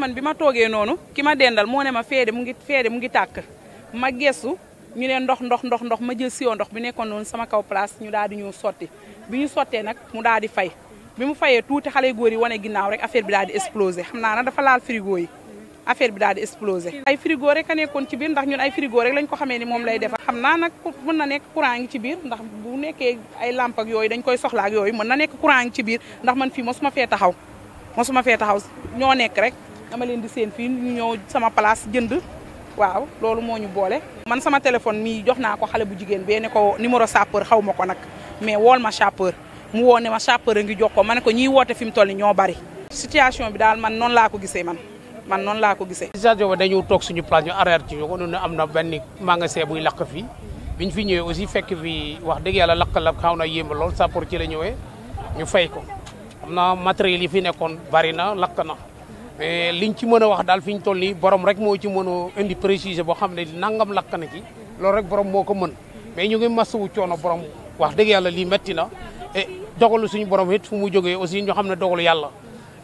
man bi ma toogee noonu ki ma dendal moo ne ma feede mu ngi feede mu ngi tàkk ma gestu ñu ne ndox ndox ndox ndox ma jël siwo ndox bi nekkoon noonu sama kaw place ñu daal di ñëw sotti bi ñu sottee nag mu daal di fay bi mu fayee tuuti xale góor yi wane ginnaaw rek affaire bi daal di explosé xam naa nag dafa laal frigo yi affaire bi daal ay frigo rek a nekkoon ci biir ndax ñun ay frigo rek lañ ko xamee ni moom lay defar xam naa nag mën na nekk courant ngi ci biir ndax bu nekkee ay lamp ak yooyu dañ koy soxla ak yooyu mën na nekk courant ngi ci biir ndax man fii mosuma fee taxaw mosuma fee taxaw ñoo nekk rek dama leen di seen fii ñu ñëw sama place jënd waaw loolu moo ñu boole. man sama téléphone mii jox naa ko xale bu jigéen bee ne ko numéro sapeur xaw ma ko nag mais wool ma sapeur mu woo ma sapeur a ngi jox ko ma ne ko ñiy woote fi mu toll ñoo bari. situation bi daal man noonu laa ko gisee man man noonu laa ko gisee. situation bi dañu toog suñu place ñu arrière ci ko noonu am na benn magasin buy lakk fii biñ fi ñëwee aussi fekk fi wax dëgg yàlla lakk la xaw na yéem lool sapeur ci la ñëwee ñu fay ko. na matériels yi fi nekkoon bari na lakk na. li eh, liñ ci mën a wax daal fi ñu toll nii borom rek moo ci mën a indi précisé boo xam ne nangam lakk na ci loolu rek borom moo ko mën mais ñu ngi wu coono borom wax dëgg yàlla lii metti na et eh, dogalu suñu borom it fu mu jógee aussi ñu xam ne dogalu yàlla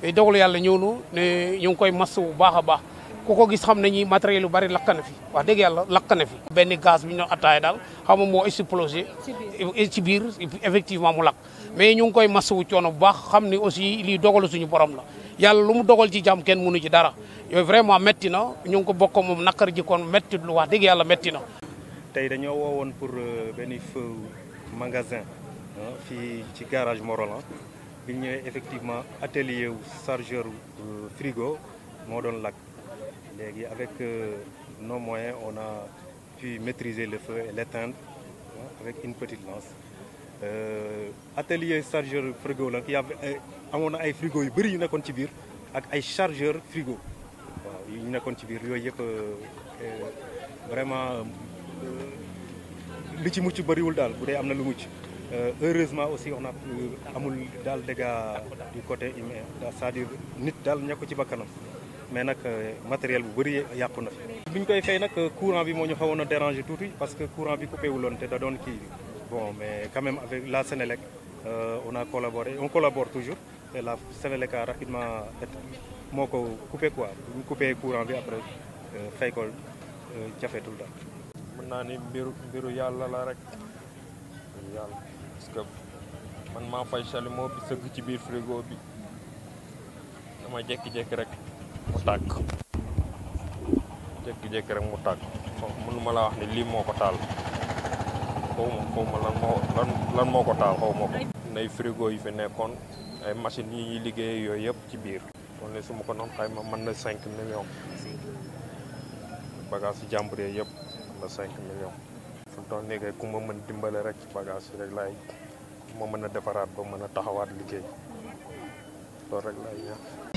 eh, dogalu yàlla ñëw nu ne ñu ngi koy masawu bu baax a baax ku ko gis xamna nañu matériel yu bari lakk fi wax deug yalla lakk fi. benn gaz bi ñu doon dal daal xam nga moo ci biir effectivement mu lak mais ñu ngi koy masawu ciono bu baax xamni aussi li dogalu suñu borom la yalla lu mu dogal ci jàmm kenn mënu ci dara yo vraiment metti na ñu ko bokk mom nakar ji kon metti lu wax deug yalla metti na. tey dañoo woowoon pour euh, benn feu magasin hein, fi ci garage Morolan hein. bi ñëwee effectivement atelier chargeur euh, frigo mo doon lak avec euh, nos moyens, on a pu maîtriser le feu et l'éteindre hein, avec une petite lance. Euh, atelier chargeur frigo il y' a, euh, amoon ay frigo yu brille, yu nekkoon ci biir ak ay chargeur frigo il yu nekkoon ci biir yooyu vraiment li ci de bëriwul daal bu dee am na lu mucc heureusement aussi on a pu amul daal dégâts du côté humain c'est-à-dire nit daal ñàkk ci bakkanam mais nak euh, matériel bu bari yàqu na fi. koy fay nak euh, courant bi mo ñu xawoon déranger touti parce que courant bi coupé wuloon té da doon ki bon mais quand même avec la Sénélec euh, on a collaboré on collabore toujours et la Sénélec a rapidement moko ko coupé quoi ñu coupé courant bi après euh, fay ko jafetul da mën naa ni mbiru mbiru yàlla la rek mbiru yàlla parce que man ma fay chalumeau bi seug ci biir frigo bi dama jekki jékki rek. mu tàkk jékki-jékki rek mu tàkk mënu ma laa wax ni lii moo ko taal xaw moo ko taal xaw nay frigo yi fi nekkoon ay machine yi ñuy liggéey yooyu yëpp ci biir loolu ne su ma ko noon xayma mën na cinq millions bagage yi jàmbur yëpp mën na cinq millions fu mu toll ku ma mën dimbale rek ci bagage yi rek laay ma mën a defaraat ba mën a taxawaat liggéey loolu rek laay ñaan